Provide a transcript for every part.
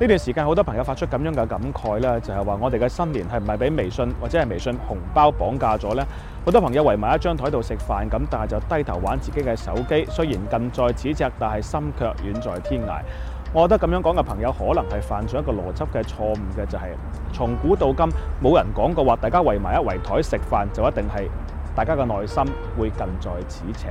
呢段時間好多朋友發出咁樣嘅感慨啦，就係話我哋嘅新年係唔係俾微信或者係微信紅包綁架咗呢？好多朋友圍埋一張台度食飯咁，但係就低頭玩自己嘅手機。雖然近在咫尺，但係心卻遠在天涯。我覺得咁樣講嘅朋友可能係犯咗一個邏輯嘅錯誤嘅，就係從古到今冇人講過話，大家圍埋一圍台食飯就一定係大家嘅內心會近在咫尺。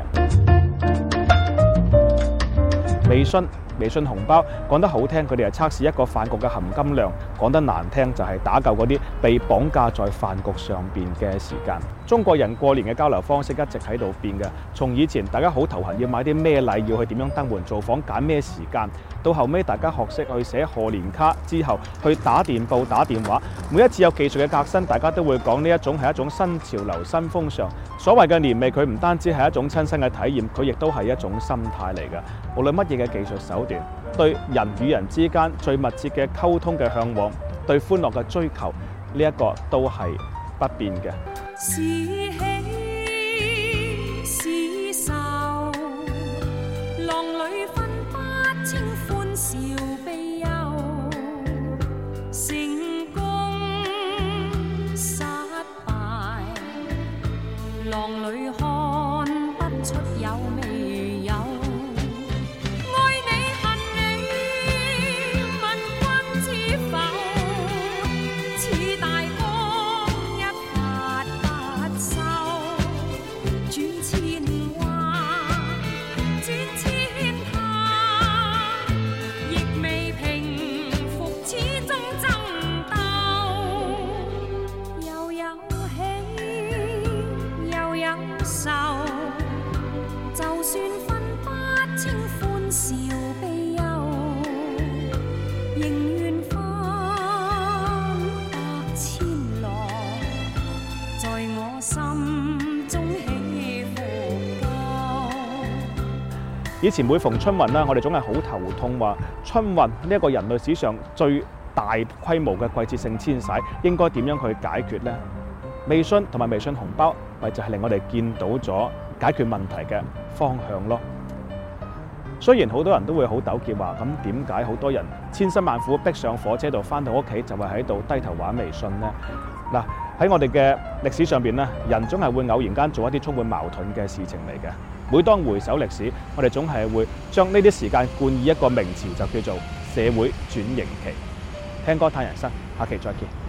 微信。微信紅包，講得好聽，佢哋係測試一個飯局嘅含金量；講得難聽，就係、是、打救嗰啲被綁架在飯局上邊嘅時間。中國人過年嘅交流方式一直喺度變嘅，從以前大家好頭痕要買啲咩禮，要去點樣登門造訪，揀咩時間，到後尾大家學識去寫賀年卡之後，去打電報、打電話。每一次有技術嘅革新，大家都會講呢一種係一種新潮流、新風尚。所謂嘅年味，佢唔單止係一種親身嘅體驗，佢亦都係一種心態嚟嘅。無論乜嘢嘅技術手段，對人與人之間最密切嘅溝通嘅嚮往，對歡樂嘅追求，呢一個都係不變嘅。是喜是愁，浪裏分不清歡笑悲憂，成功失敗，浪裏看不出有味。在我心中起伏高。以前每逢春運啦，我哋總係好頭痛啊，話春運呢一個人類史上最大規模嘅季節性遷徙，應該點樣去解決呢？微信同埋微信紅包，咪就係令我哋見到咗解決問題嘅方向咯。雖然好多人都會好糾結，話咁點解好多人千辛萬苦逼上火車度翻到屋企，就會喺度低頭玩微信咧？嗱。喺我哋嘅歷史上邊咧，人總係會偶然間做一啲充滿矛盾嘅事情嚟嘅。每當回首歷史，我哋總係會將呢啲時間冠以一個名詞，就叫做社會轉型期。聽歌嘆人生，下期再見。